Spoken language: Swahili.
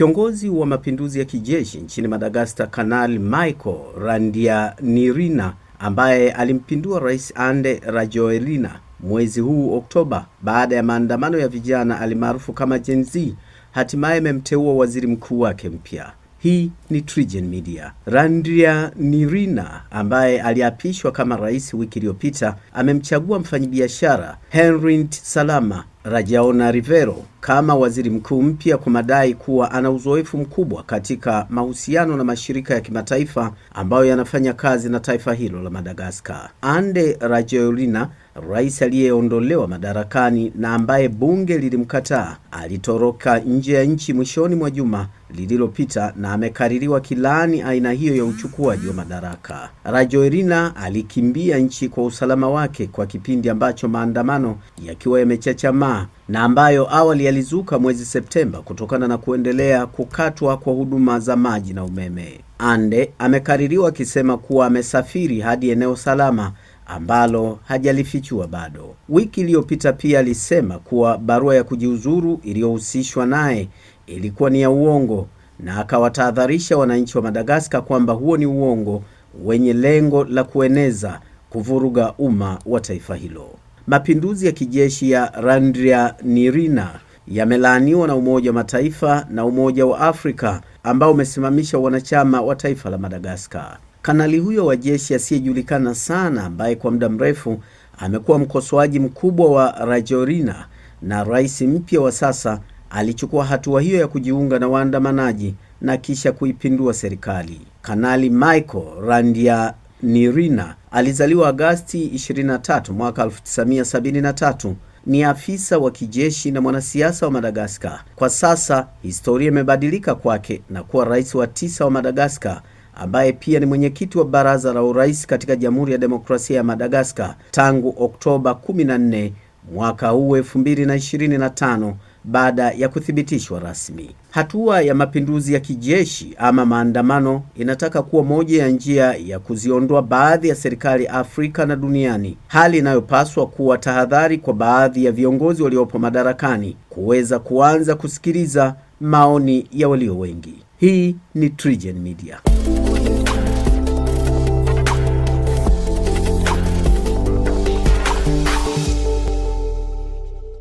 Kiongozi wa mapinduzi ya kijeshi nchini Madagascar, Kanali Michael Randrianirina ambaye alimpindua Rais Ande Rajoelina mwezi huu Oktoba baada ya maandamano ya vijana alimaarufu kama Gen Z, hatimaye amemteua waziri mkuu wake mpya. Hii ni TriGen Media. Randrianirina ambaye aliapishwa kama rais wiki iliyopita amemchagua mfanyabiashara Henriette Salama Rajaona Rivero kama waziri mkuu mpya kwa madai kuwa ana uzoefu mkubwa katika mahusiano na mashirika ya kimataifa ambayo yanafanya kazi na taifa hilo la Madagaskar. Ande Rajoelina, rais aliyeondolewa madarakani na ambaye bunge lilimkataa, alitoroka nje ya nchi mwishoni mwa juma lililopita na amekaririwa kilaani aina hiyo ya uchukuaji wa madaraka. Rajoelina alikimbia nchi kwa usalama wake kwa kipindi ambacho maandamano yakiwa yamechachamaa na ambayo awali yalizuka mwezi Septemba kutokana na kuendelea kukatwa kwa huduma za maji na umeme. Ande amekaririwa akisema kuwa amesafiri hadi eneo salama ambalo hajalifichua bado. Wiki iliyopita pia alisema kuwa barua ya kujiuzuru iliyohusishwa naye ilikuwa ni ya uongo na akawatahadharisha wananchi wa Madagaskar kwamba huo ni uongo wenye lengo la kueneza kuvuruga umma wa taifa hilo. Mapinduzi ya kijeshi ya nirina yamelaaniwa na Umoja wa Mataifa na Umoja wa Afrika ambao umesimamisha wanachama wa taifa la Madagaskar. Kanali huyo wa jeshi asiyejulikana sana ambaye kwa muda mrefu amekuwa mkosoaji mkubwa wa Rajoelina na rais mpya wa sasa alichukua hatua hiyo ya kujiunga na waandamanaji na kisha kuipindua serikali. Kanali Michael Randia Nirina alizaliwa Agasti 23 mwaka 1973. Ni afisa wa kijeshi na mwanasiasa wa Madagaskar. Kwa sasa historia imebadilika kwake na kuwa rais wa tisa wa Madagaskar ambaye pia ni mwenyekiti wa baraza la urais katika Jamhuri ya Demokrasia ya Madagaskar tangu Oktoba 14 mwaka huu 2025 baada ya kuthibitishwa rasmi. Hatua ya mapinduzi ya kijeshi ama maandamano inataka kuwa moja ya njia ya kuziondoa baadhi ya serikali Afrika na duniani, hali inayopaswa kuwa tahadhari kwa baadhi ya viongozi waliopo madarakani kuweza kuanza kusikiliza maoni ya walio wengi. Hii ni TriGen Media.